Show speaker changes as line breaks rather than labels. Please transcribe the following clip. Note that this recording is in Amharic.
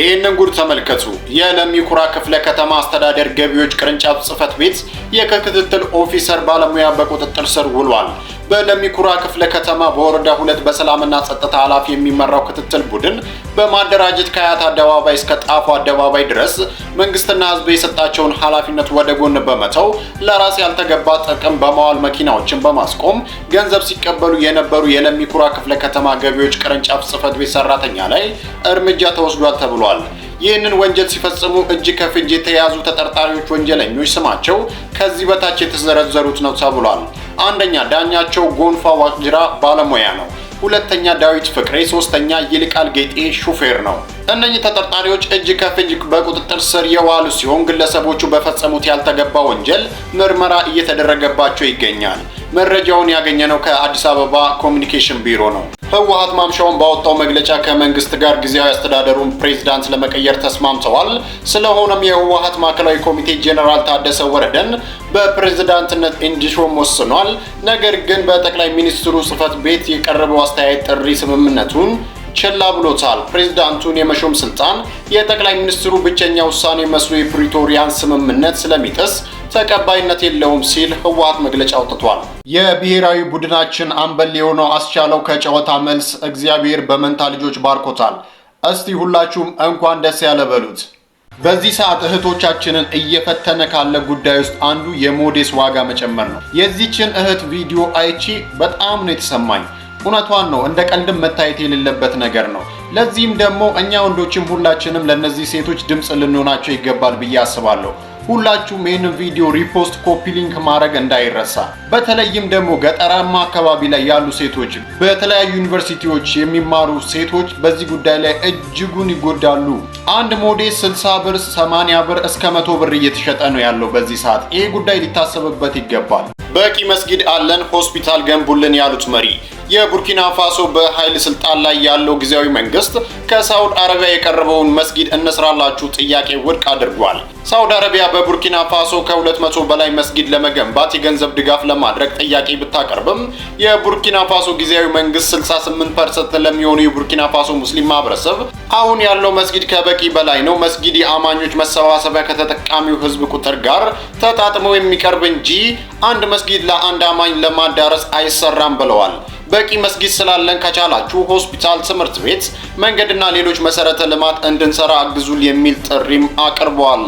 ይህንን ጉድ ተመልከቱ። የለሚ ኩራ ክፍለ ከተማ አስተዳደር ገቢዎች ቅርንጫፍ ጽህፈት ቤት የከክትትል ኦፊሰር ባለሙያ በቁጥጥር ስር ውሏል። በለሚኩራ ክፍለ ከተማ በወረዳ ሁለት በሰላምና ጸጥታ ኃላፊ የሚመራው ክትትል ቡድን በማደራጀት ከአያት አደባባይ እስከ ጣፎ አደባባይ ድረስ መንግስትና ህዝብ የሰጣቸውን ኃላፊነት ወደ ጎን በመተው ለራስ ያልተገባ ጥቅም በማዋል መኪናዎችን በማስቆም ገንዘብ ሲቀበሉ የነበሩ የለሚኩራ ክፍለ ከተማ ገቢዎች ቅርንጫፍ ጽህፈት ቤት ሰራተኛ ላይ እርምጃ ተወስዷል ተብሏል። ይህንን ወንጀል ሲፈጽሙ እጅ ከፍንጅ የተያዙ ተጠርጣሪዎች ወንጀለኞች ስማቸው ከዚህ በታች የተዘረዘሩት ነው ተብሏል። አንደኛ ዳኛቸው ጎንፋ ዋቅጅራ ባለሙያ ነው። ሁለተኛ ዳዊት ፍቅሬ፣ ሶስተኛ ይልቃል ጌጤ ሹፌር ነው። እነኚህ ተጠርጣሪዎች እጅ ከፍንጅ በቁጥጥር ስር የዋሉ ሲሆን ግለሰቦቹ በፈጸሙት ያልተገባ ወንጀል ምርመራ እየተደረገባቸው ይገኛል። መረጃውን ያገኘነው ከአዲስ አበባ ኮሚኒኬሽን ቢሮ ነው። ህወሀት ማምሻውን ባወጣው መግለጫ ከመንግስት ጋር ጊዜያዊ አስተዳደሩን ፕሬዝዳንት ለመቀየር ተስማምተዋል። ስለሆነም የህወሀት ማዕከላዊ ኮሚቴ ጄኔራል ታደሰ ወረደን በፕሬዝዳንትነት እንዲሾም ወስኗል። ነገር ግን በጠቅላይ ሚኒስትሩ ጽህፈት ቤት የቀረበው አስተያየት ጥሪ ስምምነቱን ችላ ብሎታል። ፕሬዝዳንቱን የመሾም ስልጣን የጠቅላይ ሚኒስትሩ ብቸኛ ውሳኔ መስሎ የፕሪቶሪያን ስምምነት ስለሚጥስ ተቀባይነት የለውም ሲል ህወሓት መግለጫ አውጥቷል።
የብሔራዊ ቡድናችን አምበል የሆነው አስቻለው ከጨዋታ መልስ እግዚአብሔር በመንታ ልጆች ባርኮታል። እስቲ ሁላችሁም እንኳን ደስ ያለ በሉት። በዚህ ሰዓት እህቶቻችንን እየፈተነ ካለ ጉዳይ ውስጥ አንዱ የሞዴስ ዋጋ መጨመር ነው። የዚችን እህት ቪዲዮ አይቺ በጣም ነው የተሰማኝ። እውነቷን ነው። እንደ ቀልድም መታየት የሌለበት ነገር ነው። ለዚህም ደግሞ እኛ ወንዶችም ሁላችንም ለእነዚህ ሴቶች ድምፅ ልንሆናቸው ይገባል ብዬ አስባለሁ። ሁላችሁም ሜን ቪዲዮ ሪፖስት ኮፒ ሊንክ ማድረግ እንዳይረሳ። በተለይም ደግሞ ገጠራማ አካባቢ ላይ ያሉ ሴቶች፣ በተለያዩ ዩኒቨርሲቲዎች የሚማሩ ሴቶች በዚህ ጉዳይ ላይ እጅጉን ይጎዳሉ። አንድ ሞዴስ 60 ብር፣ 80 ብር እስከ 100 ብር እየተሸጠ ነው ያለው በዚህ ሰዓት። ይህ ጉዳይ ሊታሰብበት ይገባል።
በቂ መስጊድ አለን ሆስፒታል ገንቡልን ያሉት መሪ የቡርኪና ፋሶ በኃይል ስልጣን ላይ ያለው ጊዜያዊ መንግስት ከሳውዲ አረቢያ የቀረበውን መስጊድ እንስራላችሁ ጥያቄ ውድቅ አድርጓል። ሳውዲ አረቢያ በቡርኪና ፋሶ ከ200 በላይ መስጊድ ለመገንባት የገንዘብ ድጋፍ ለማድረግ ጥያቄ ብታቀርብም የቡርኪና ፋሶ ጊዜያዊ መንግስት 68 ፐርሰንት ለሚሆኑ የቡርኪና ፋሶ ሙስሊም ማህበረሰብ አሁን ያለው መስጊድ ከበቂ በላይ ነው፣ መስጊድ የአማኞች መሰባሰቢያ ከተጠቃሚው ህዝብ ቁጥር ጋር ተጣጥሞ የሚቀርብ እንጂ አንድ መስጊድ ለአንድ አማኝ ለማዳረስ አይሰራም ብለዋል። በቂ መስጊድ ስላለን ከቻላችሁ ሆስፒታል፣ ትምህርት ቤት፣ መንገድና ሌሎች መሰረተ ልማት እንድንሰራ አግዙል የሚል ጥሪም አቅርቧል።